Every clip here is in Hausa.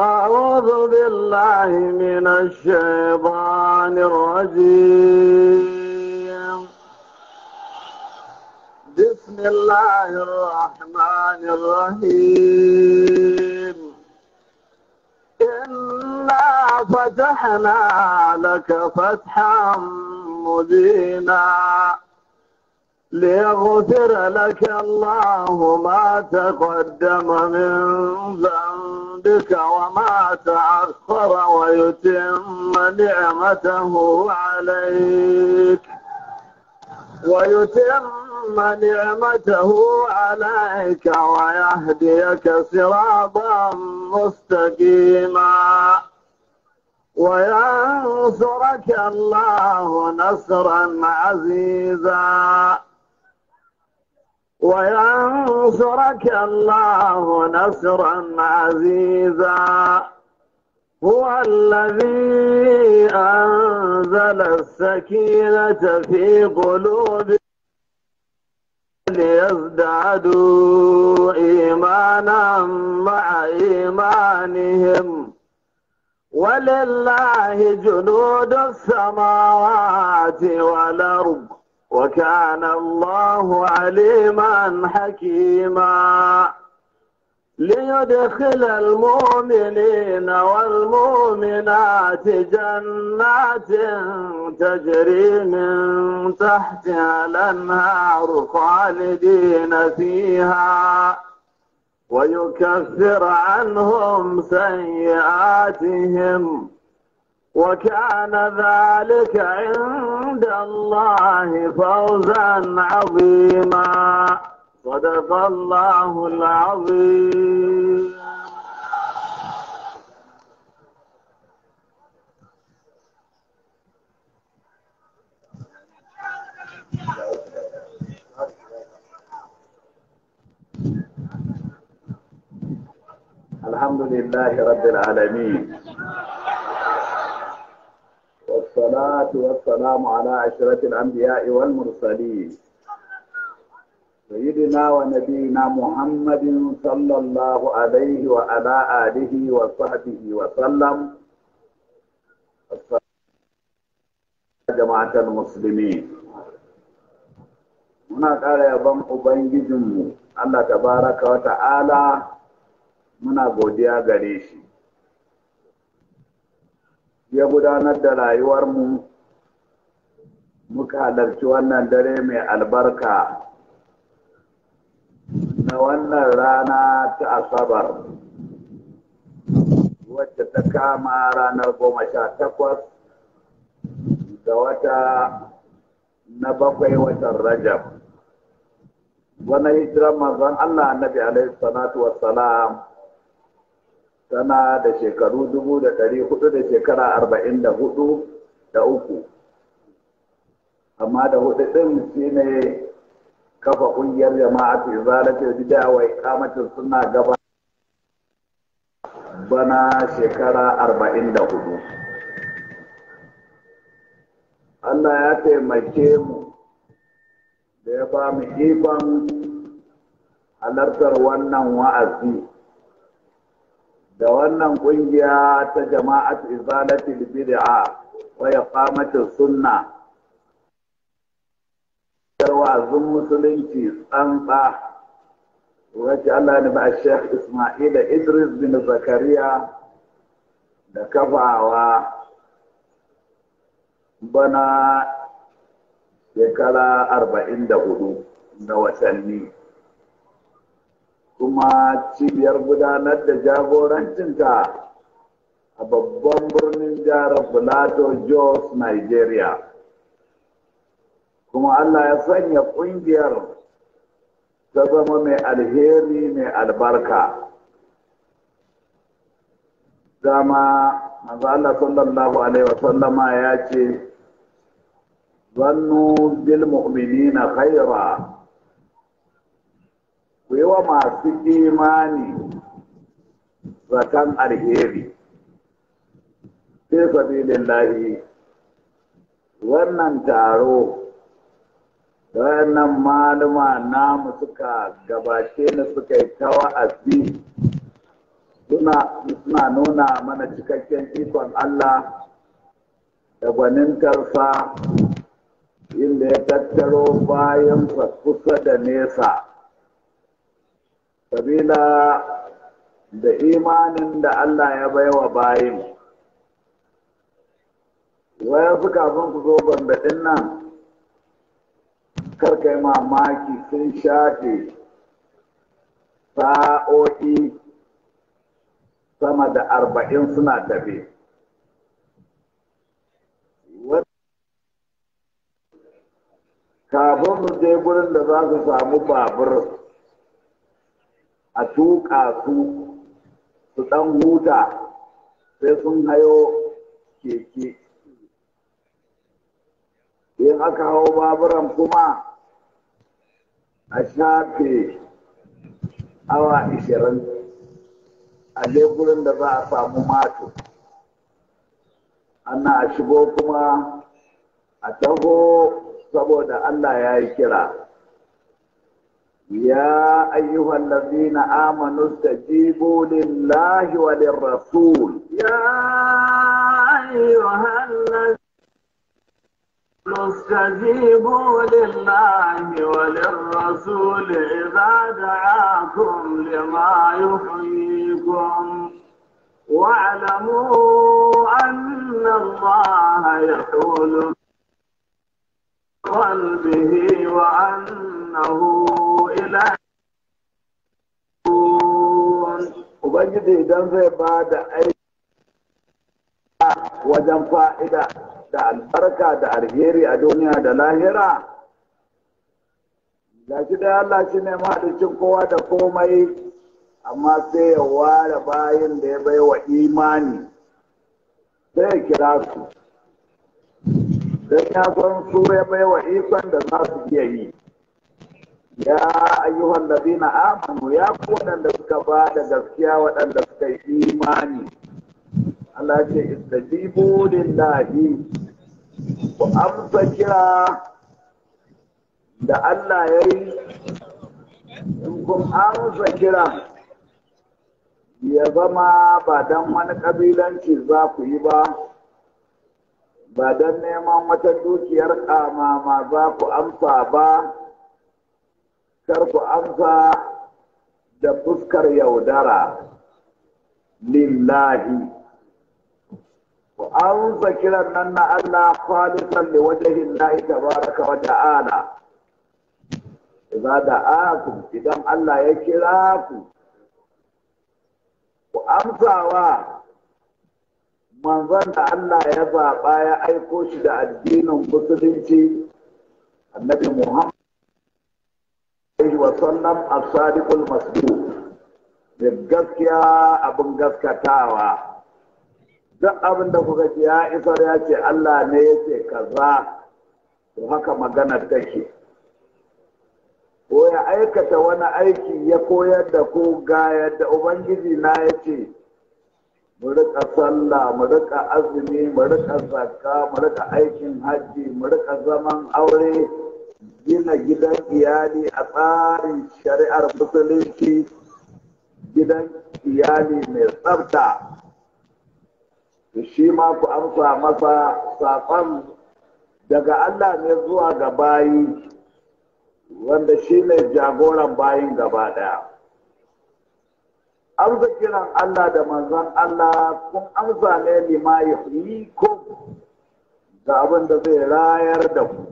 أعوذ بالله من الشيطان الرجيم بسم الله الرحمن الرحيم إنا فتحنا لك فتحا مبينا ليغفر لك الله ما تقدم من ذنبك وما تأخر ويتم نعمته عليك ويتم نعمته عليك ويهديك صراطا مستقيما وينصرك الله نصرا عزيزا وينصرك الله نصرا عزيزا هو الذي أنزل السكينة في قلوب ليزدادوا إيمانا مع إيمانهم ولله جنود السماوات والأرض وكان الله عليما حكيما ليدخل المؤمنين والمؤمنات جنات تجري من تحتها الانهار خالدين فيها ويكفر عنهم سيئاتهم وكان ذلك عند الله فوزا عظيما صدق الله العظيم الحمد لله رب العالمين والصلاة والسلام على أشرف الأنبياء والمرسلين سيدنا ونبينا محمد صلى الله عليه وعلى آله وصحبه وسلم جماعة المسلمين muna ƙara yaban Ubangijinmu Allah tabaraka wa ta'ala muna godiya gare shi. ya gudanar da mu muka halarci wannan dare mai albarka na wannan rana ta asabar wacce ta kama ranar goma sha takwas ga wata na bakwai watan rajab wannan hijiran manzon allah annabi alaihi salatu wassalam sana da shekaru dubu da ɗari hudu da shekara arba'in da hudu da uku amma da hudu ɗin shi ne kafa ƙungiyar jama'a ta zalatar bida wa ikamacin suna gaba bana shekara arba'in da hudu Allah ya taimake mu da ya ba mu ikon halartar wannan wa'azi da wannan ƙungiya ta jama'atu izalati bid'a wa iqamati sunna wa'azin musulunci tsantsa wacce Allah ne ba Sheikh Ismaila Idris bin Zakariya da kafawa bana shekara arba'in da na watanni kuma cibiyar gudanar da jagorancinta a babban birnin jihar Plateau Jos, Nigeria. Kuma Allah ya sanya ƙungiyar ta zama mai alheri mai albarka. Dama, maza Allah sallallahu Alaihi wasallama ya ce, zannu bil mu'minina khaira ku yi wa masu imani zakan alheri fi lahi wannan taro da wannan malama namu suka gabace ni suka yi ta wa'azi suna nuna mana cikakken ikon Allah da gwanintarsa inda ya tattaro bayan kusa da nesa sabila da imanin da Allah ya baiwa bayin wayansu kafin ku zo daɗin nan Kar karkai mamaki sun shafe sa'o'i sama da arba'in suna tafe kafin su je gurin da za su samu babur a tuƙa su su ɗan huta sai sun hayo keke in aka hau baburan kuma a shafe awa ishirin a gurin da za a samu mato ana shigo kuma a taho saboda allah ya yi kira يا أيها الذين آمنوا استجيبوا لله وللرسول يا أيها الذين استجيبوا لله وللرسول إذا دعاكم لما يحييكم واعلموا أن الله يحول قلبه وأنه ubangiji idan zai ba da aiki wajen fa'ida da albarka da alheri a duniya da lahira da shi da Allah shi ne cikin kowa da komai amma sai ya ware bayan da ya bai wa imani sai ya kira su don ya san su ya bai wa ikon da za su iya yi ya ayyuhan ladina amanu ya ku waɗanda suka ba da gaskiya waɗanda suka yi imani Allah ce istajibu lillahi ku amsa kira da Allah ya yi in kun amsa kira ya zama ba dan wani kabilanci za ku yi ba ba dan neman wata dukiyar kama ma za ku amsa ba kar ku amsa da fuskar yaudara lillahi ku amsa kiran nan na Allah khalisan li wajhi Allah tabaraka wa ta'ala da da'akum idan Allah ya kira ku ku amsawa manzon da Allah ya zaɓa ya aiko shi da addinin musulunci annabi Muhammad wa sallam as-sadiqul da gaskiya abin gaskatawa duk abin da kuka ce ya isa ya ce Allah ne ya ce kaza to haka magana take ko ya aikata wani aiki ya koyar da ko ga yadda ubangiji na ya ce mu rika sallah mu rika azumi mu rika zakka mu rika aikin hajji mu rika zaman aure gina gidan iyali a tsarin shari'ar musulunci gidan iyali mai tsabta shi ma ku amsa masa saƙon daga Allah ne zuwa ga bayi wanda shi ne jagoran bayin gaba ɗaya. Amsa kiran Allah da manzon Allah kun amsa ne limayi yi ko ga abin da zai rayar da ku.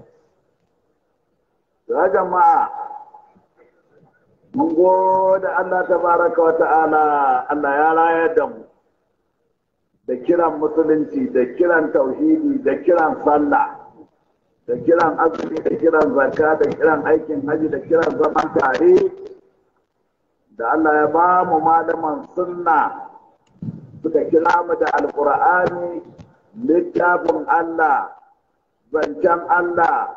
Ya jama'a, mun da Allah ta baraka wa ta'ala, Allah ya rayar da mu, da kiran musulunci, da kiran tauhidi, da kiran sallah, da kiran azumi, da kiran zakka, da kiran aikin haji, da kiran zaman tare, da Allah ya ba mu malaman sunna suka kira mu da alkur'ani littafin Allah, zancen Allah,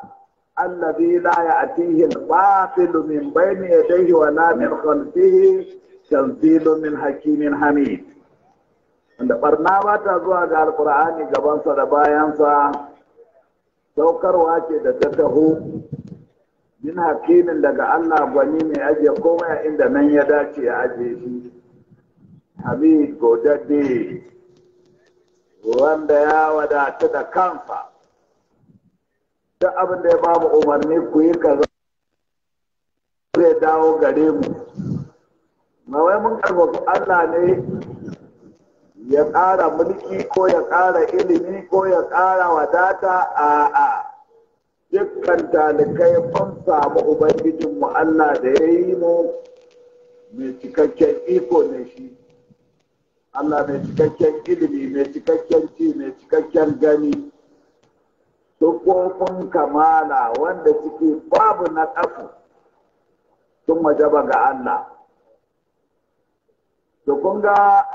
الذي لا يأتيه الباطل من بين يديه ولا من خلفه تنزيل من حكيم حميد wanda barna ba ta zuwa ga alkur'ani gabansa da bayansa saukarwa ce da ta taho min hakimin daga Allah gwani mai ajiye komai inda nan ya dace ya ajiye shi habib godadde wanda ya wadata da kansa duk abin da ya ba mu umarni ku yi kaza zai dawo gare mu ba wai mun karfafa Allah ne ya ƙara mulki ko ya ƙara ilimi ko ya ƙara wadata a dukkan talikai ban samu ubangijinmu Allah da ya yi mu mai cikakken iko ne shi Allah mai cikakken ilimi mai cikakken ci mai cikakken gani sukofin kamala wanda suke babu na ƙafu sun majaba ga Allah. Tukun ga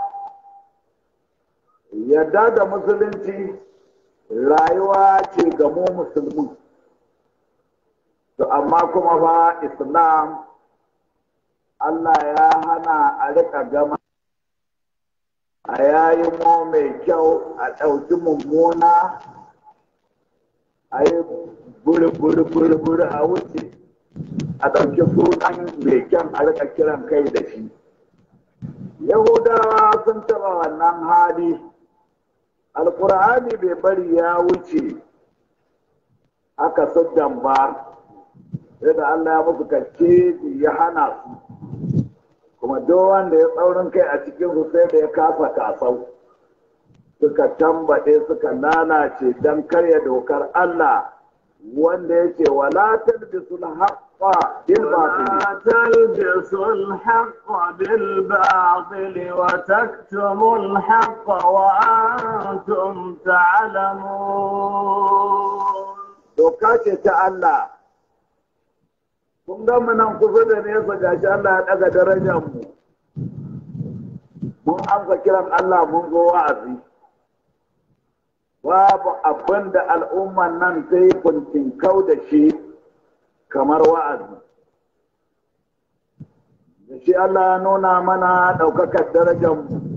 yadda da musulunci rayuwa ce ga mu musulmi. amma kuma ba Islam Allah ya hana a rika gama a yayin mu mai kyau a ɗauki mummuna a yi buru-buru-buru a wuce a ɗauki sunan mai kyan a rika kiran kai da shi yahudawa sun taɓa wannan hali alkur'ani bai bari ya wuce aka saddan ba yadda allah ya musu kacce ya hana su kuma duk wanda ya tsaurin kai a cikin su sai da ya kasa kasau suka tambaɗe suka lalace don karya dokar Allah wanda ya ce wala talbisul haqqa bil batil wala talbisul haqqa bil batil wa taktumul haqqa wa antum ta'lamun doka ce ta Allah kun ga mu nan kusa da nesa gashi Allah ya daga darajar mu mun amsa kiran Allah mun zo wa'azi babu abin da al'umman nan ta yi kau da shi kamar wa'azi da shi Allah nuna mana ɗaukakar darajar mu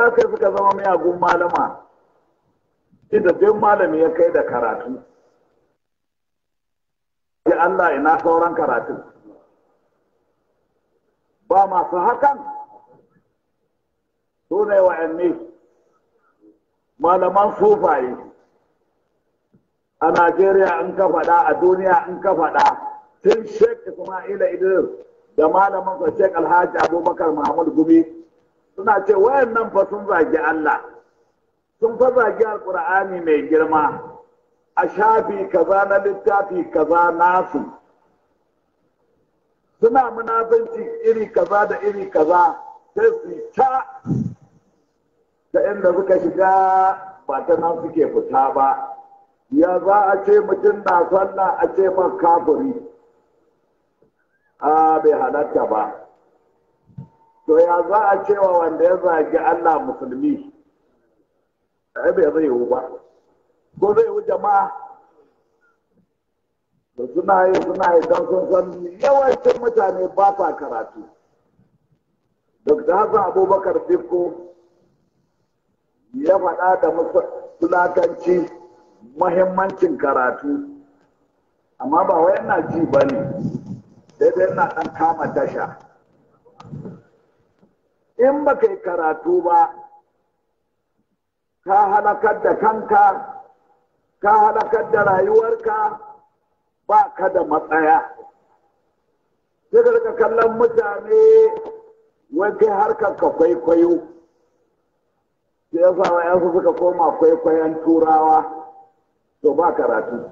ya kai suka zama miyagun malama inda duk malami ya kai da karatu ya Allah ina sauran karatu ba masu hakan su ne wa wa'anni malaman sufaye a Najeriya in ka faɗa a duniya in ka faɗa tun shek Ismaila Idris da malamin shek Alhaji Abubakar Muhammad Gumi suna ce wayannan fa sun zagi Allah sun fa zagi alqur'ani mai girma a shafi kaza na littafi kaza nasu suna munafanci iri kaza da iri kaza sai su ta Da inda suka shiga ba ta nan suke fita ba ya za a ce mutum na sallah a ce man kafiri a ah, bai halatta ba to ya za a cewa wanda ya zagi Allah musulmi ai bai zai yiwu ba ko zai yiwu jama'a da suna yi suna yi don sun san yawancin mutane ba sa karatu Duk da haka abubakar dikko ya faɗa da musulatanci mahimmancin karatu amma ba wai yana ji ba ne daidai yana ɗan kama tasha in ba yi karatu ba ka halakar da kanka ka halakar da rayuwarka ba ka da matsaya sai ka kallon mutane wajen harkar ka kwaikwayo sai ya sawa yansu suka koma kwaikwayon turawa to ba karatu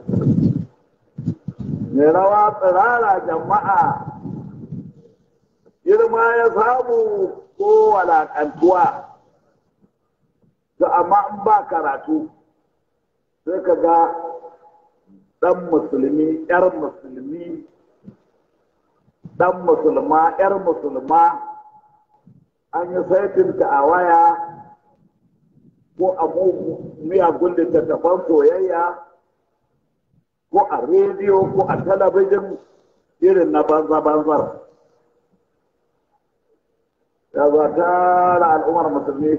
mai rawa tsirara jama'a girma ya samu ko kantuwa to amma in ba karatu sai ka ga ɗan musulmi ‘yar musulmi ɗan musulma ‘yar musulma an yi saitinta a waya ko a miyagun littattafan soyayya ko a rediyo ko a talabijin irin na banza-banzar. ta zo al'ummar musulmi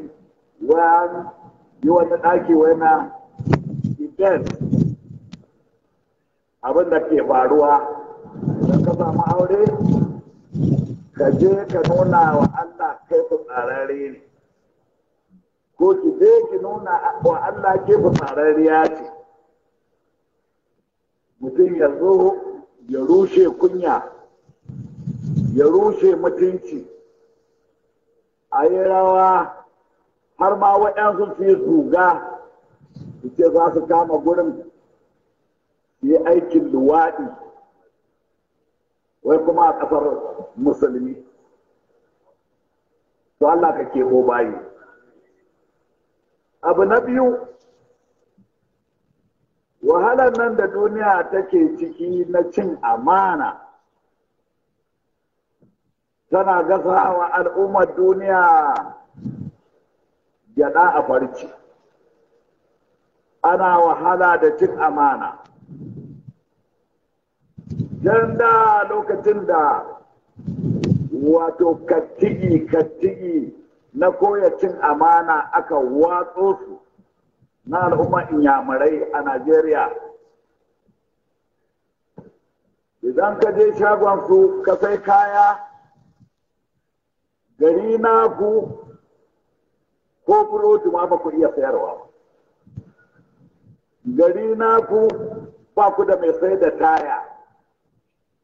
wayan yi wani ɗaki wai na event abin da ke faruwa da ka samu aure ka je ka nuna wa Allah kai ku ne ko ki je ki nuna wa Allah ke ku ya ce mutum ya zo ya rushe kunya ya rushe mutunci a yi rawa har ma waɗansu su yi zuga su ce za su kama gurin su yi aikin luwaɗi wai kuma a ƙasar musulmi to Allah ka ke bayi abu na biyu wahalar nan da duniya take ciki na cin amana tana gasa wa al'ummar duniya gyaɗa a farci ana wahala da cin amana don da lokacin da wato kattigi kattigi na koya cin amana aka watso su na al'ummar inyamurai a najeriya idan ka je shagon su ka sai kaya gari na ku ko burodi ma ba ku iya sayarwa gari na ku ba ku da mai sai da taya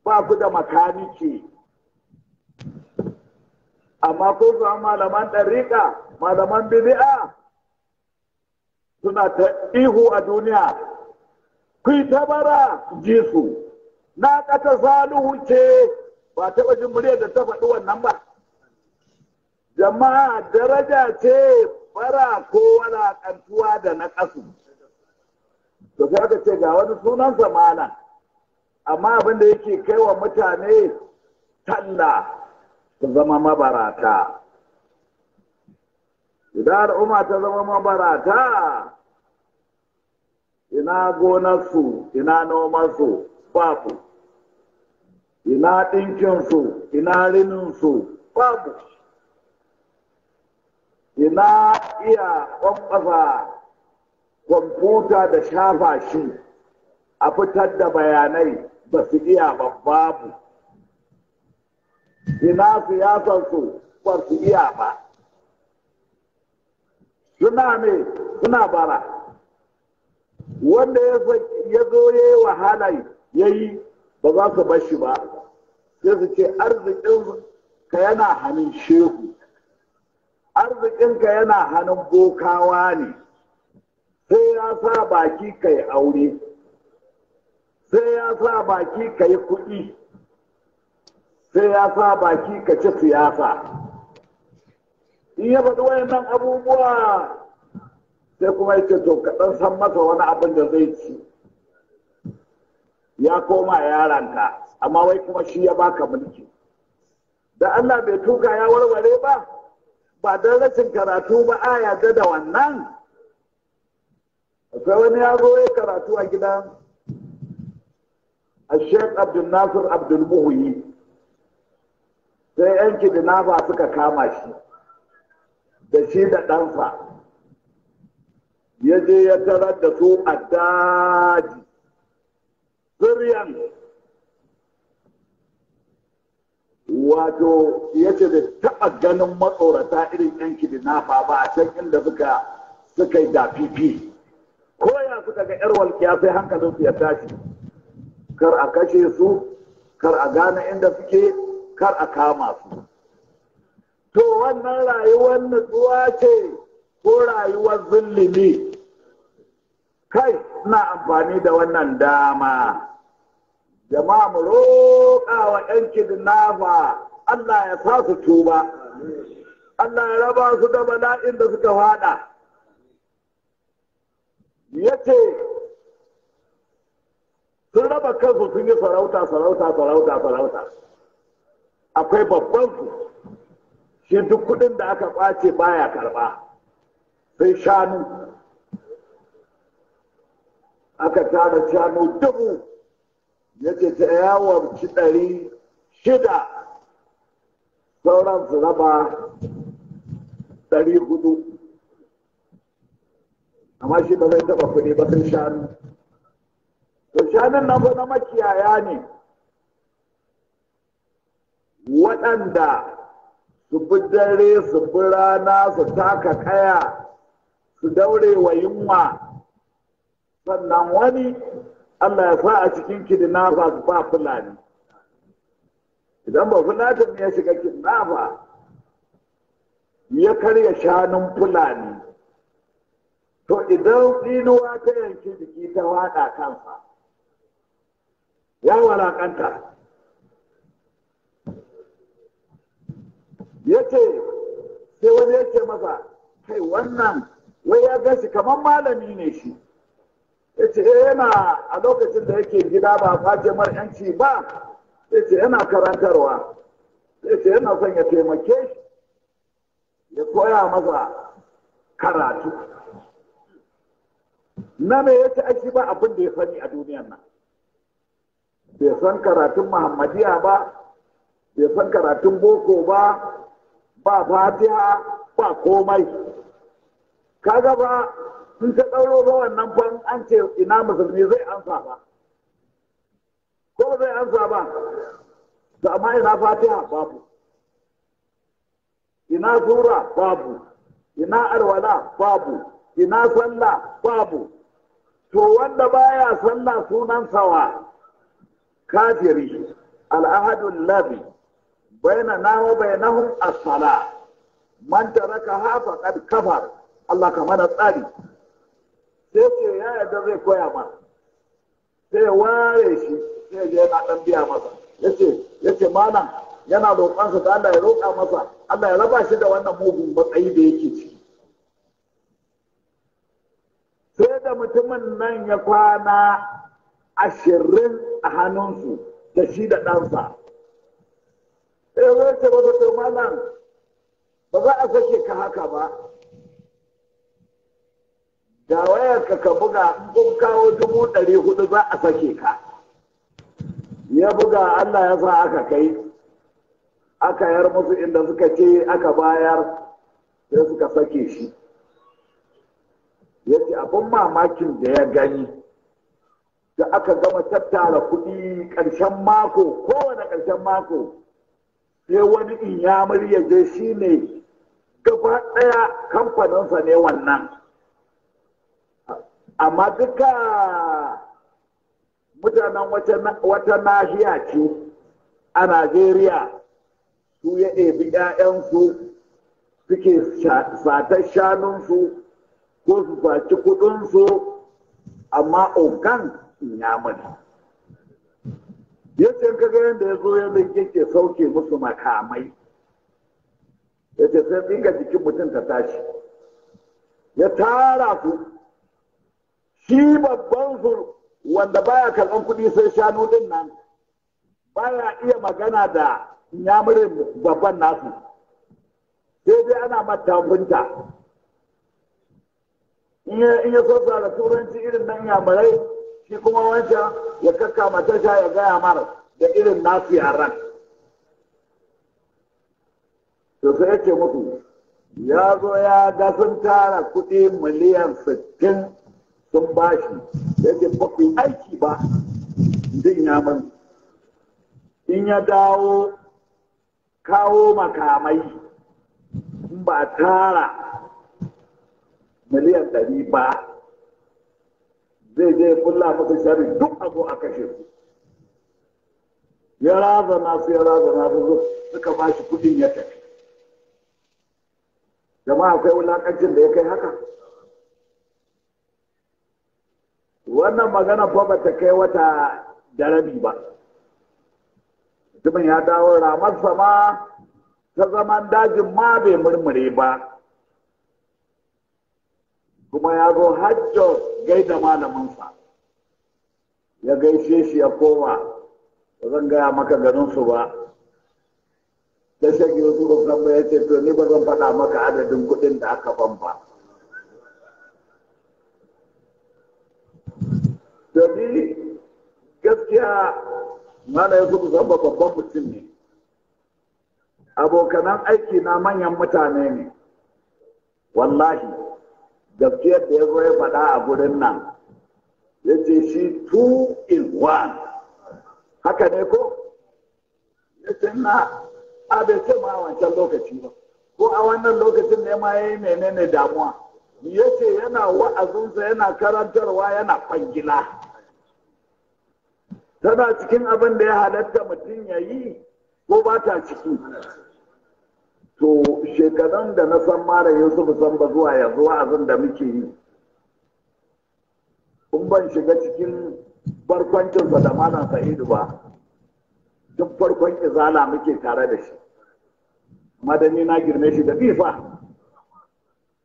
ba ku da makaniki amma ko zuwa malaman ɗariƙa malaman bidi'a suna ta ihu a duniya ku yi tabara ji na ƙata salihu ce ba taɓa jin muryar da ta faɗi wannan ba jama'a daraja ce bara ko walakantuwa da na ƙasu da sai aka ce ga wani sunan zamana amma abin da yake kai wa mutane talla ta zama mabarata idan al'umma ta zama mabarata ina gonarsu ina nomansu babu ina ɗinkinsu ina rininsu babu ina iya ƙwanƙwasa kwamfuta da shafa shi a fitar da bayanai ba su iya ba babu ina siyasarsu ba su iya ba suna ne suna bara wanda ya zo ya yi wahala ya yi ba za su bashi ba sai su ce arzikin ka yana hannun shehu arzikinka yana hannun bokawa ne sai ya sa baki ka yi aure sai ya sa baki ka yi kuɗi sai ya sa baki ka ci siyasa in ya faɗi wayannan abubuwa sai kuma yake to kaɗan san masa wani abin da zai ci ya koma yaranka amma wai kuma shi ya baka mulki da Allah bai tuka ya warware ba ba don rashin karatu ba a yarda da wannan akwai wani ya zo ya karatu a gidan a sheikh abdul nasir abdul muhuyi sai yan ba suka kama shi da shi da ɗansa ya je ya tarar da su a daji zuriyan wato ce da taɓa ganin matsorata irin yan kidina ba a can inda suka suka yi dafifi ko ya suka ga yar walƙiya sai hankalin su ya tashi kar a kashe su kar a gane inda suke kar a kama su to wannan rayuwar nutsuwa ce ko rayuwar zullumi kai na amfani da wannan dama jama'a mu roƙa wa ƴan kidnafa Allah ya sa su tuba Allah ya raba su da bala'in da suka fada yace sun raba kansu sun yi sarauta sarauta sarauta sarauta akwai babban su shi duk kudin da aka kwace baya karɓa. sai shanu aka tara shanu dubu ya ce ta yawarci ɗari shida sauran su raba ɗari hudu amma shi ba zai taɓa kuɗi ba sun shanu to shanun na na makiyaya ne waɗanda su bi dare su bi rana su taka kaya su daure wa yunwa sannan wani Allah ya sa a cikin kidnafa ba fulani idan ba fulatin ya shiga kidnafa ya karya shanun fulani to idan tsinuwa ta yanki jiki ta waɗa kansa ya walakanta ya ce sai wani ya ce masa kai wannan wai ya gashi kamar malami ne shi ya ce yana eh, a lokacin da yake gida ba kwace yanci ba ya ce yana karantarwa ya ce yana son ya taimake shi ya koya masa karatu na me ya ci ba abin da ya sani a duniyan nan bai san karatun muhammadiya ba bai san karatun boko ba ba fatiha ba komai kaga ba in ka ɗauro ba wannan ban an ce ina musulmi zai amsa ba ko zai amsa ba to amma ina fatiha babu ina zura, babu ina alwala babu ina sallah babu to wanda baya sallah sunan sawa kafiri al'ahadun labi baina na wa bainahum as-sala man taraka hafa kad kafar Allah ka mana tsari sai ce ya yarda zai koya ma sai ware shi sai ya yana dan biya masa yace yace malam yana roƙonsa da Allah ya roƙa masa Allah ya raba shi da wannan mugun matsayi da yake ciki sai da mutumin nan ya kwana ashirin a hannunsu da shi da ɗansa sai zai ce masa to malam ba za a sake ka haka ba Da wayar ka ka buga in kun kawo dubu ɗari hudu za a sake ka ya buga Allah ya sa aka kai aka yar musu inda suka ce aka bayar sai suka sake shi ya ce abin mamakin da ya gani da aka gama tattara kuɗi ƙarshen mako kowane ƙarshen mako sai wani in ya je shi ne gaba ɗaya kamfaninsa ne wannan amma duka mutanen wata nahiya ce a najeriya su ya ɗebi 'ya'yansu suke satar shanunsu ko su saci kudinsu amma ogan ya mana yace kaga yadda ya zo yadda yake sauke musu makamai yace sai ɗinka jikin mutum ta tashi ya tara su shi babban zur wanda baya karɓan kuɗi sai shanu din nan baya iya magana da nyamurin babban nasu sai dai ana matafinta in ya so da turanci irin nan yamurai shi kuma wancan ya kakka matasha ya gaya mara da irin nasu yaran to sai yake mutu. ya zo ya ga sun tara kuɗi miliyan sittin sun ba shi yadda yake ba aiki ba jin ya mani in ya dawo kawo makamai in ba tara miliyan ɗari ba zai je kula maka shari duk abu a kashe su ya razana su ya razana su suka ba shi kuɗin ya tafi jama'a akwai wulaƙancin da ya kai haka wannan magana fa ba ta kai wata darabi ba mutumin ya dawo ramar sama ta zaman dajin ma bai murmure ba kuma ya zo hajjo gaida malaminsa ya gaishe shi ya koma ba zan gaya maka ganinsu ba ta shagi wasu ya ce to ni ba zan faɗa maka adadin kuɗin da aka ban ba Sabi, gaskiya da ya zuba zamba babban mutum ne. Abokanan aiki na manyan mutane ne. Wallahi, gaskiyar da ya zo ya faɗa a gurin nan, ya ce shi two in one. Haka ne ko? Ya ce na abin ma a wancan lokaci ba. Ko a wannan lokacin ne ma ya yi menene damuwa. ya ce yana wa'azinsa yana karantarwa yana ɓangila. tana cikin abin da ya halatta mutum ya yi ko ba ta ciki to shekarun da na san mara yusuf san ba zuwa yanzu abin da muke yi in ban shiga cikin barkwancinsa da malam sa'idu ba duk farkon izala muke tare da shi madani na girme shi da bifa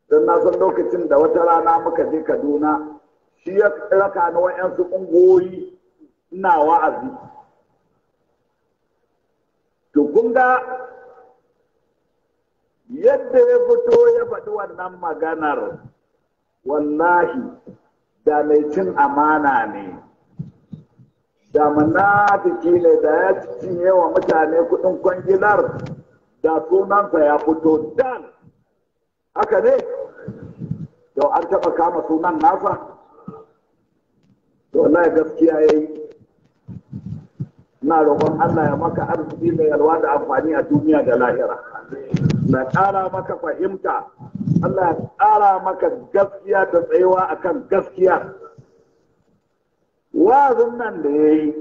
don na san lokacin da wata rana muka je kaduna shi ya raka na wa'yansu ƙungoyi ina wa'azi to kun yadda ya fito ya faɗi wannan maganar wallahi da mai cin amana ne da munafiki ne da ya cinye wa mutane kuɗin kwangilar da sunansa ya fito dan haka ne yau an taɓa kama sunan nasa to wallahi gaskiya ya yi na roƙon Allah ya maka arziki da yalwa da amfani a duniya da lahira na ƙara maka fahimta Allah ya ƙara maka gaskiya da tsayuwa akan gaskiya wazin nan da ya yi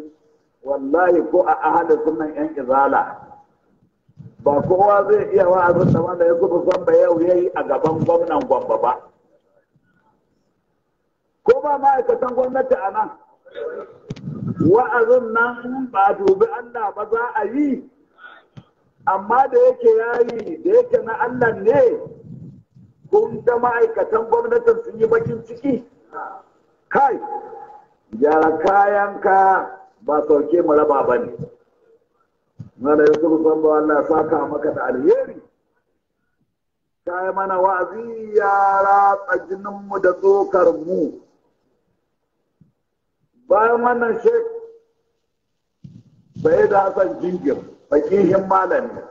wallahi ko a ahalin sunan yan izala ba kowa zai iya wa'azin da wanda ya zuba zamba yau ya yi a gaban gwamnan gwamba ba ko ba ma'aikatan gwamnati a nan wa'azin nan ba dubi Allah ba za a yi amma da yake yayi da yake na Allah ne kun da ma'aikatan gwamnatin sun yi bakin ciki kai kayan ka ba sauke mu raba ba ne mana yanzu san ba Allah saka maka da alheri kai mana wa'azi ya ratsa jinin mu da tsokar mu bayan wannan shek bai da hasan jingir fakihin malami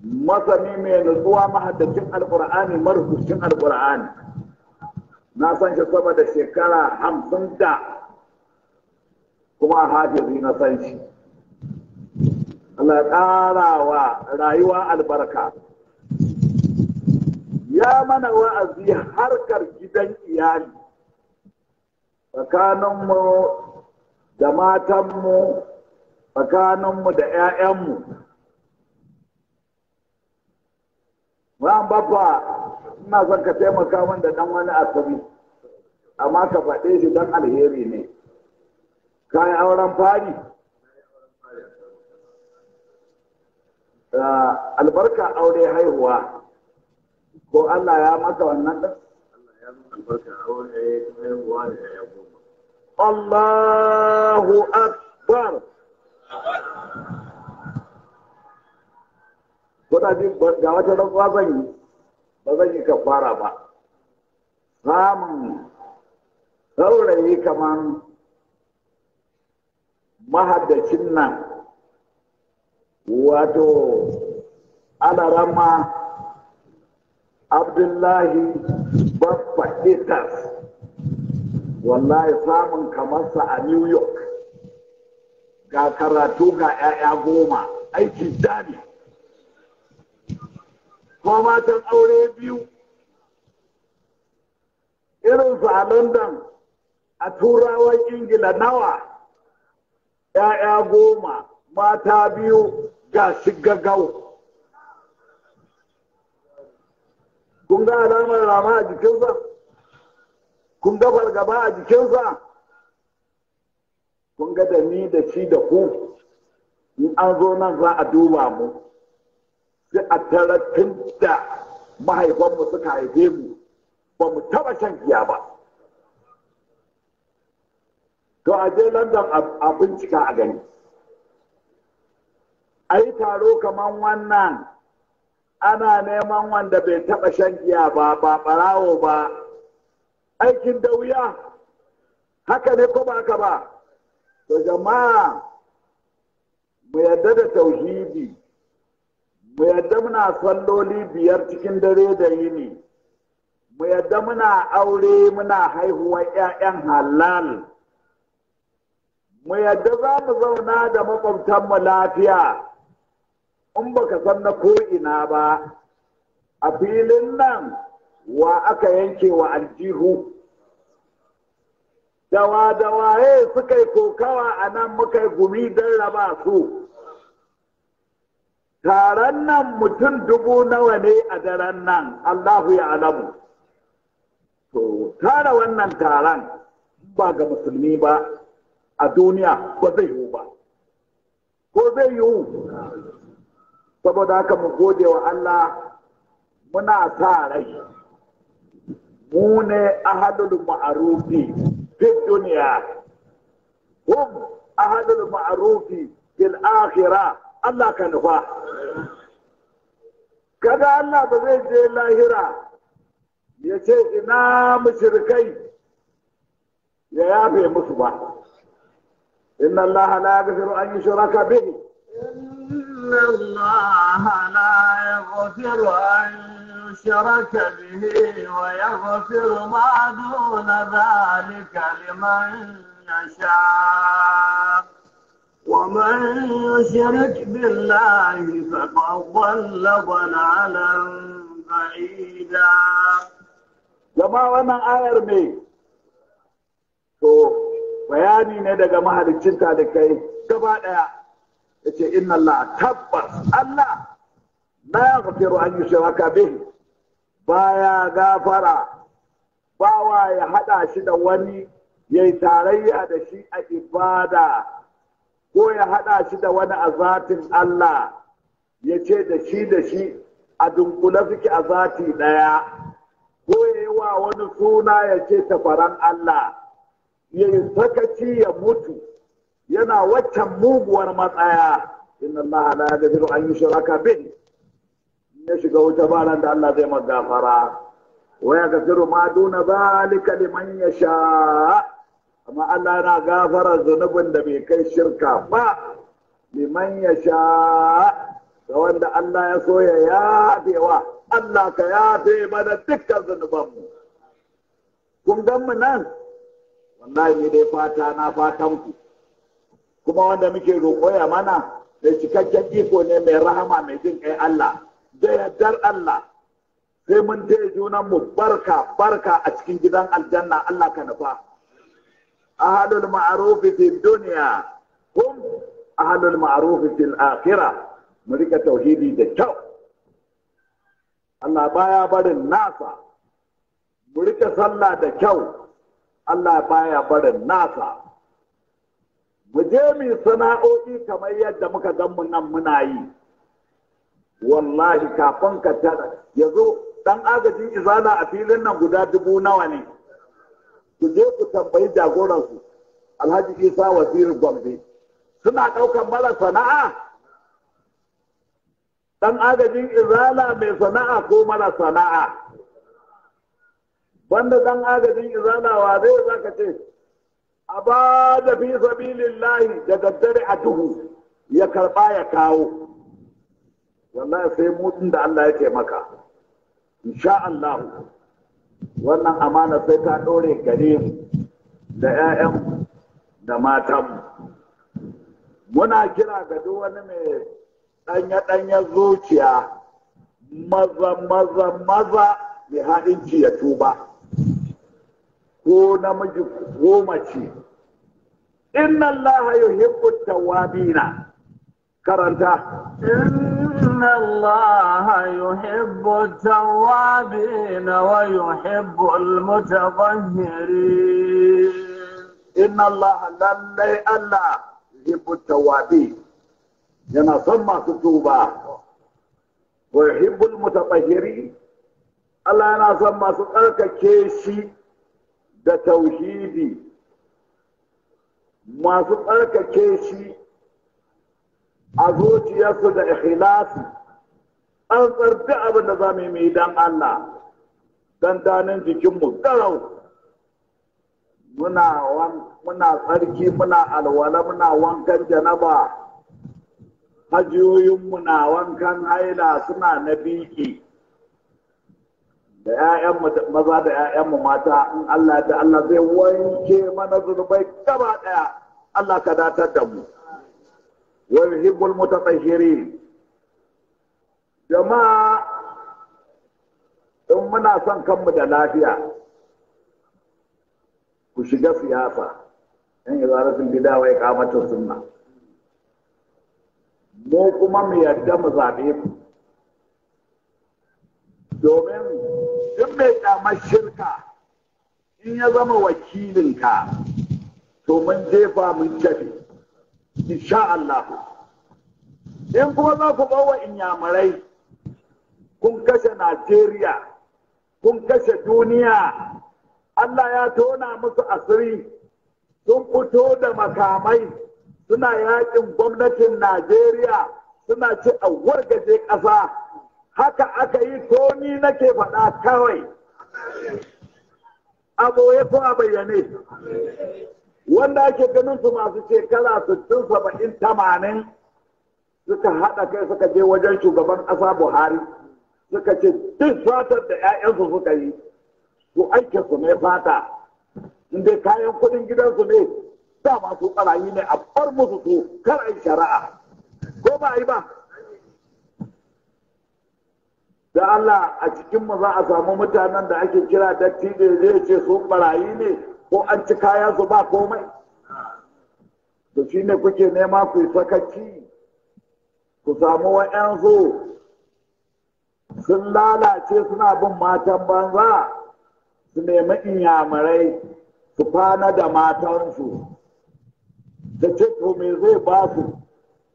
masani mai nutsuwa mahaddacin alkur'ani marubucin alkur'ani na san shi sama da shekara hamsin da kuma hafizi na san shi Allah wa rayuwa albarka ya mana wa'azi harkar gidan iyali tsakaninmu da matanmu tsakaninmu da 'ya'yanmu ran bafa ina son ka taimaka min da ɗan wani asabi amma ka faɗe shi don alheri ne ka yi auren fari ah, albarka aure haihuwa ko Allah ya maka wannan ɗan Allahu Akbar. Kuna jin ga wata rantsuwa zan yi, ba zan yi kafara ba. Samun saurayi kamar mahaddacin nan, wato alarama Abdullahi babba haters wallahi samun kamarsa a new york ga karatu ga 'ya'ya goma aiki dani ko matan aure biyu irin su a london a turawan ingila nawa 'ya'ya goma mata biyu ga shi gau kun ga alamar rama a jikinsa kun ga fargaba a jikinsa kun ga da ni da shi da ku in an zo nan za a duba mu sai a tarattun da mahaifanmu suka haife mu ba mu taba shan giya ba to a je london a bincika a gani a yi taro kamar wannan ana neman wanda bai taɓa shan giya ba ba ɓarawo ba aikin da wuya haka ne ko ba haka ba to jama'a mu yadda da tauhidi mu yadda muna salloli biyar cikin dare da yini mu yadda muna aure muna haihuwar 'ya'yan halal mu yadda za mu zauna da makwabtanmu lafiya in baka san na ko ina ba a filin nan wa aka yanke wa aljihu dawa he suka yi kokawa a nan muka yi gumi don raba su taron nan mutum dubu nawa ne a daren nan allahu ya alamu to tara wannan taron ba ga musulmi ba a duniya ba zai yiwu ba ko zai yiwu saboda haka mu gode wa Allah muna sa rai mu ne ahadul ma'arufi fi duniya hum ahadul ma'arufi fil akhira Allah ka nufa kaga Allah ba zai je lahira ya ce ina mushrikai ya yafe musu ba inna Allah la yaghfiru an yushraka bihi إن الله لا يغفر أن يشرك به ويغفر ما دون ذلك لمن يشاء ومن يشرك بالله فقد ضل ضلالا بعيدا جماعة wannan ayar me to bayani ne daga mahaliccin ta da kai yace inna Allah tabbas Allah la yaghfiru an yushraka bihi baya gafara bawa ya hada shi da wani yayi tarayya da shi a ibada ko ya hada shi da wani a zatin Allah yace ce da shi da shi a dunkule suke a zati ɗaya ko yayi wa wani suna yace ce tafaran Allah yayi sakaci ya mutu yana waccan muguwar matsaya inna allaha la yaghfiru an yushraka bih ya shiga wuta ba da Allah zai masa gafara wa yaghfiru ma duna zalika liman yasha amma Allah yana gafara zunubin da bai kai shirka ba liman yasha ga wanda Allah ya so ya yafewa Allah ka yafe mana dukkan mu kun gan mu nan wallahi ne dai fata na fatan ku kuma wanda muke roƙo ya mana da cikakken iko ne mai rahama mai jin kai Allah da yardar Allah sai mun taya junan mu barka barka a cikin gidan aljanna Allah ka nufa ahlul ma'ruf fi dunya hum ahlul ma'ruf fil akhirah mu rika tauhidi da kyau Allah baya barin nasa mu rika sallah da kyau Allah baya barin nasa mu je mu sana'o'i kamar yadda muka gan mu nan muna yi wallahi kafin ka ta ya zo dan agajin izana a filin nan guda dubu nawa ne ku je ku tambayi jagoransu alhaji isa wazir gombe suna ɗaukar mara sana'a dan agajin izala mai sana'a ko mara sana'a banda dan agajin izala wa zai zaka ce a ba da fi lahi da daddare a duhu ya karɓa ya kawo wallahi sai mutum da Allah ya taimaka insha Allah wannan amana sai ta ɗore gare da 'ya'yan da matan muna kira ga duk wani mai ɗanya-ɗanya zuciya maza maza maza mai haɗinci ya tuba. ko namiji ko mace inna allaha yuhibbu tawabina karanta inna allaha yuhibbu tawabina wa yuhibbu almutatahhirin inna allaha lallai allah yuhibbu tawabi yana son masu tuba wa yuhibbu almutatahhirin Allah yana son masu tsarkake shi da tauhidi masu tsarkake shi a zuciyarsu da ikhlasi an tsarki abin da za mu yi don Allah dandanin jikinmu garau muna muna tsarki muna alwala muna wankan janaba hajiyoyinmu na wankan haila suna na biki da 'ya'yan maza da 'ya'yan mu mata in Allah da Allah zai wanke mana zunubai gaba ɗaya Allah ka datar da mu wa yuhibbul mutatahhirin jama'a in muna son kanmu da lafiya ku shiga siyasa in sun gida wai iqamatus sunna mu kuma mu yadda mu zaɓe ku domin in mai kyamar shirka in ya zama wakilinka to mun jefa mun tafi insha Allah in kuma za ku bawa inyamurai kun kashe Najeriya kun kashe duniya Allah ya tona musu asiri sun fito da makamai suna yakin gwamnatin Najeriya suna ci a wargaje ƙasa haka aka yi ko ni nake faɗa kawai a ya ko a bayyane wanda ake ganin su masu shekara sittin saba'in tamanin suka haɗa kai suka je wajen shugaban ƙasa buhari suka ce duk fatar da 'ya'yansu suka yi su aike su mai fata inda kayan kudin gidansu ne dama su ɓarayi ne a bar musu su kar a shari'a ko ba a yi ba da Allah a cikinmu za a samu mutanen da ake kira datti da zai ce sun barayi ne ko an ci kayan su ba komai da shi ne kuke nema ku yi sakaci ku samu wa'yansu sun lalace suna bin matan banza su nemi inyamurai su fana da matansu da ce to me zai ba su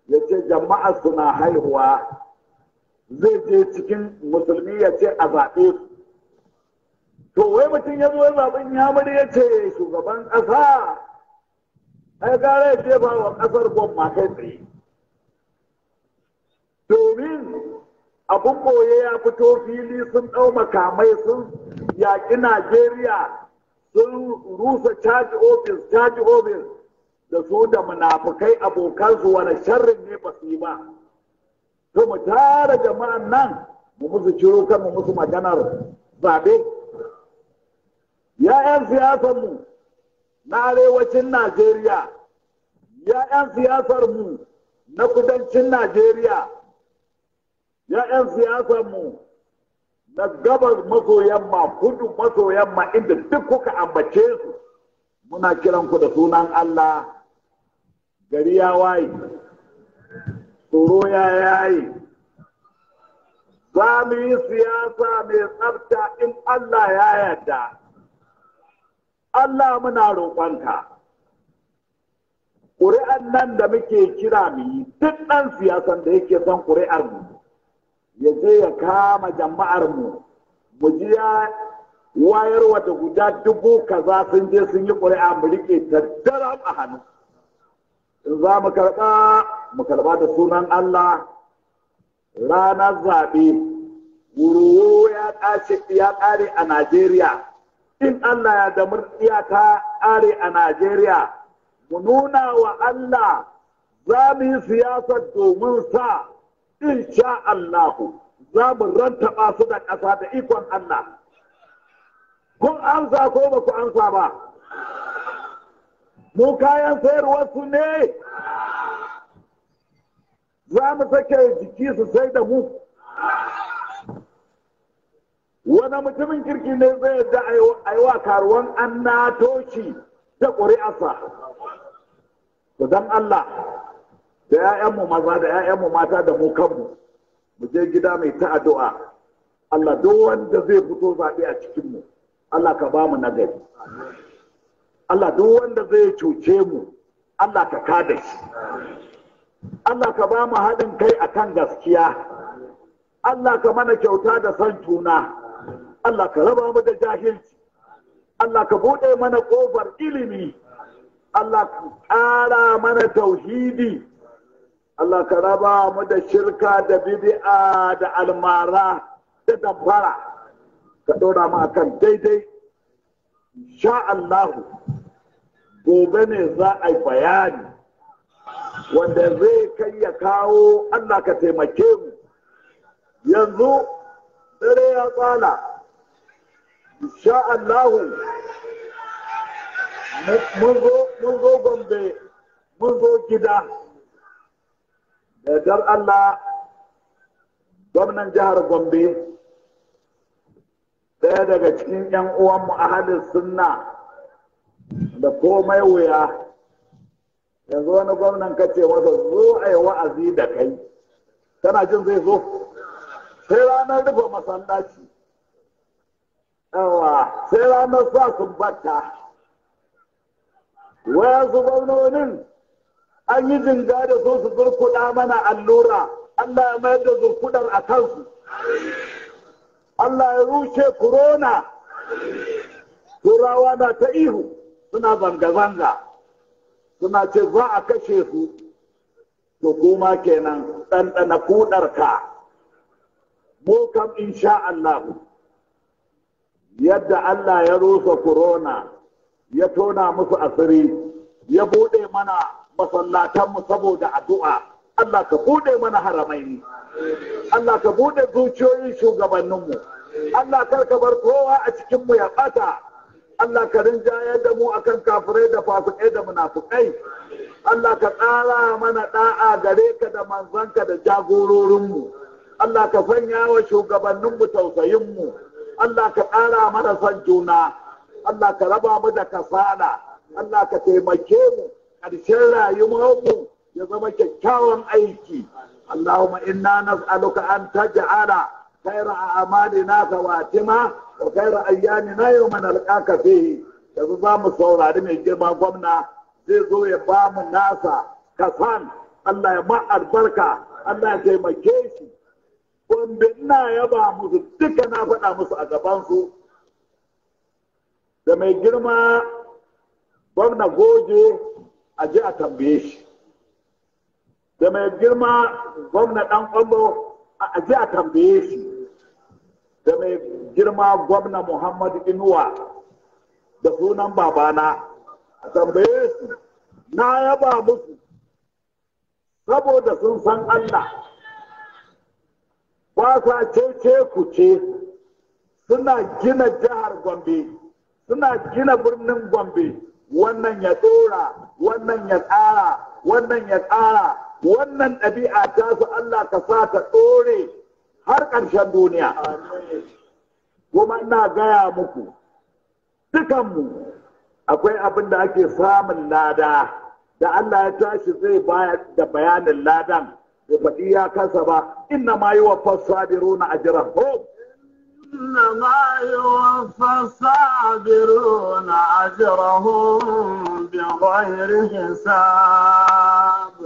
ya ce jama'a suna haihuwa zai je cikin musulmi ya ce a zaɓe su to wai mutum ya zo zaɓen ya bari ya ce shugaban ƙasa ai gara ya ce ba wa ƙasar gwamma kai tsaye domin abun boye ya fito fili sun ɗau makamai sun yaƙi najeriya sun rusa caji ofis caji ofis da su da munafukai abokansu wani sharrin ne ba su yi ba to mu tara jama'an nan mu musu ciro kan mu musu maganar zaɓe ya'yan siyasarmu na arewacin najeriya ya'yan siyasarmu na kudancin najeriya ya'yan siyasarmu na gabar maso yamma kudu maso yamma inda duk kuka ambace su muna kiran ku da sunan allah gari ya waye tsoro ya yaye za mu yi siyasa mai tsafta in Allah ya yarda Allah muna roƙonka ƙuri'an nan da muke kira mu yi duk ɗan siyasan da yake son ƙuri'ar mu ya je ya kama jama'ar mu mu ji ya wayar wata guda dubu kaza sun je sun yi ƙuri'a mu riƙe ta daram a hannu in za mu karɓa mu karba da sunan Allah ranar zaɓe wuru ya ƙace ya ƙare a Najeriya in Allah ya da murtiya ta ƙare a Najeriya mu nuna wa Allah za mu yi siyasa domin sa insha allah za mu rantaba su da ƙasa da ikon Allah kun amsa ko ba ku amsa ba mu kayan su ne za mu sake jiki su sai da mu wani mutumin kirki ne zai yadda a yi wa karuwan an na toshi ta ƙuri'arsa da don Allah da 'ya'yanmu maza da 'ya'yanmu mata da mu kanmu mu je gida mai ta addu'a Allah duk wanda zai fito zaɓe a cikinmu Allah ka ba mu nagari Allah duk wanda zai cuce mu Allah ka kada shi Allah ka ba mu haɗin kai a kan gaskiya Allah ka mana kyauta da son juna Allah ka raba mu da jahilci Allah ka buɗe mana ƙofar ilimi Allah ka ƙara mana tauhidi Allah ka raba mu da shirka da bid'a da almara da damfara ka ɗora mu kan daidai sha Allahu gobe ne za a yi bayani wanda zai kai ya kawo Allah ka taimake mu yanzu dare ya tsala insha Allahu mun zo gombe mun zo gida da Allah gwamnan jihar gombe ɗaya daga cikin 'yan uwanmu a halin sunna da komai wuya yanzu wani gwamnan kace ce masa zo a yi wa'azi da kai tana jin zai zo sai ranar rufe masallaci yawa sai ranar sa sun batta wayansu gwamnonin an yi jinga da su su zurkuɗa mana allura Allah ya mayar da zurkuɗar a kansu Allah ya rushe korona. turawa na ta ihu suna zanga-zanga suna ce za a kashe su to kuma kenan ɗanɗana kuɗar ka mu kam sha Allah yadda Allah ya rusa corona ya tona musu asiri ya buɗe mana masallatanmu saboda addu'a Allah ka buɗe mana haramaini Allah ka buɗe zuciyoyin shugabanninmu Allah kar ka bar kowa a cikinmu ya ɓata Allah ka rinjaye da mu akan kafirai da fasikai da munafukai Allah ka tsara mana da'a gare ka da manzanka da jagororinmu Allah ka sanya wa shugabanninmu tausayinmu Allah ka tsara mana son juna Allah ka raba mu da kasala Allah ka taimake mu ƙarshen rayuwarmu ya zama kyakkyawan aiki Allahumma inna nas'aluka an taj'ala khayra a'malina khawatima wa khairu ayyamina yawman alqaka fihi yanzu za mu saurari mai girma gwamna zai zo ya ba mu nasa kasan Allah ya ma albarka Allah ya taimake shi wanda na yaba musu duka na faɗa musu a gabansu da mai girma gwamna goje a ji a tambaye shi da mai girma gwamna ɗan ƙwallo a ji a tambaye shi da mai girma gwamna Muhammadu Inuwa da sunan babana a tambaye su na yaba musu saboda sun san Allah ba sa cece ku ce suna gina jihar Gombe suna gina birnin Gombe wannan ya tsora wannan ya tsara wannan ya tsara wannan ɗabi'a ta su Allah ka sa ta ɗore har ƙarshen duniya. kuma ina gaya muku dukanmu akwai abin da ake samun lada da Allah ya tashi zai bayar da bayanin ladan ya faɗi ya kasa ba inna ma yi wa fasabiruna ajrahum إنما يوفى الصابرون أجرهم بغير حساب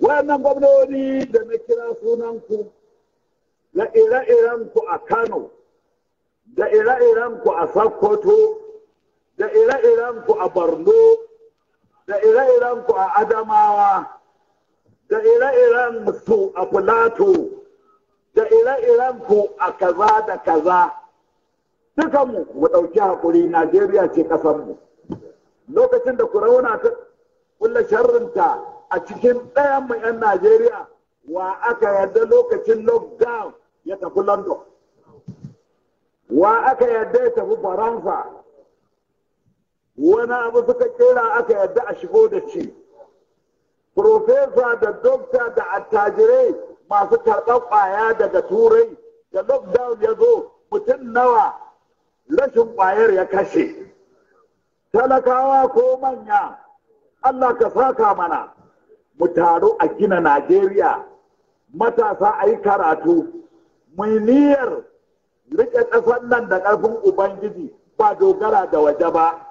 وأنا قبلوني دمكرا سننكم ku a Kano. da ire-iren ku a Sokoto, da ire-iren ku a Borno, da ire-iren ku a Adamawa, da ire-iren su a Filato, da ire-iren ku a kaza da kaza. Dukanmu mu ɗauki haƙuri Najeriya ce ƙasanmu. Lokacin da ku rauna ta ƙulla sharrinta a cikin ɗayan mu 'yan Najeriya wa aka yarda lokacin lockdown ya tafi London. wa aka yadda ya tafi faransa wani abu suka kera aka yadda a shigo da ci profesa da dokta da attajirai masu karɓar ƙwaya daga turai da lockdown ya zo mutum nawa rashin ƙwayar ya kashe talakawa ko manya allah ka saka mana mu taru a gina najeriya matasa a yi karatu mai niyyar rike ƙasar nan da ƙarfin ubangiji ba dogara da waje ba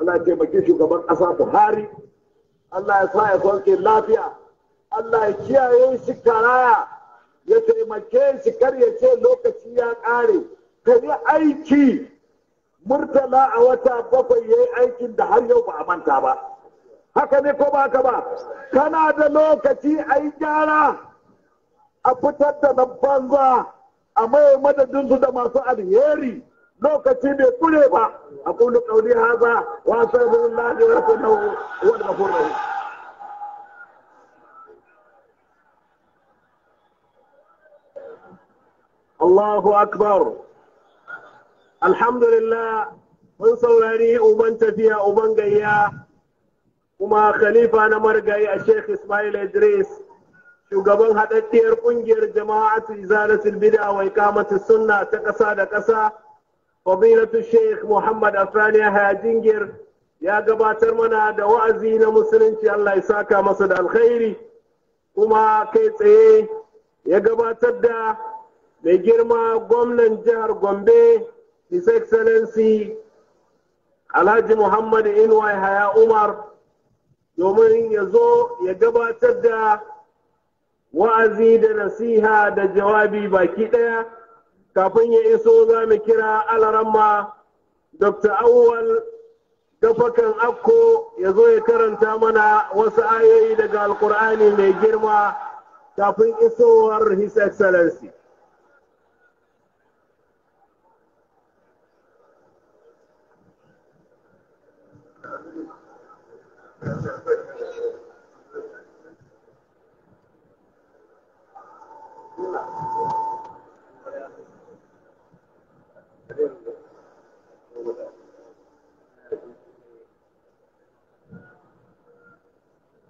Allah ya taimaki shugaban ƙasa Buhari Allah ya sa ya sauke lafiya Allah ya kiyaye shi karaya ya taimake shi kar ya lokaci ya ƙare ka yi aiki murtala a wata bakwai ya yi aikin da har yau ba a manta ba haka ne ko ba ka ba kana da lokaci a yi gyara a fitar da na banza a maye madadin su da masu alheri lokaci bai kure ba a kullu kauli haza wa astaghfirullahi wa rasuluhu wal ghafurur rahim الله Allahu الحمد alhamdulillah mun saurari uban tafiya uban gayya kuma khalifa na margayi a sheikh ismail idris shugaban haɗaɗɗiyar ƙungiyar jama'atu izalatul bid'a wa iqamatu sunna ta ƙasa da ƙasa fadilatu sheikh muhammad afrani yahya jingir ya gabatar mana da wa'azi na musulunci allah ya saka masa da alkhairi kuma kai tsaye ya gabatar da mai girma gwamnan jihar gombe his excellency alhaji muhammad inuwa yahaya umar domin ya zo ya gabatar da wa'azi da nasiha da jawabi baki ɗaya kafin ya iso za mu kira alaramma dr awwal gafakan akko ya zo ya karanta mana wasu ayoyi daga alkur'ani mai girma kafin isowar his excellency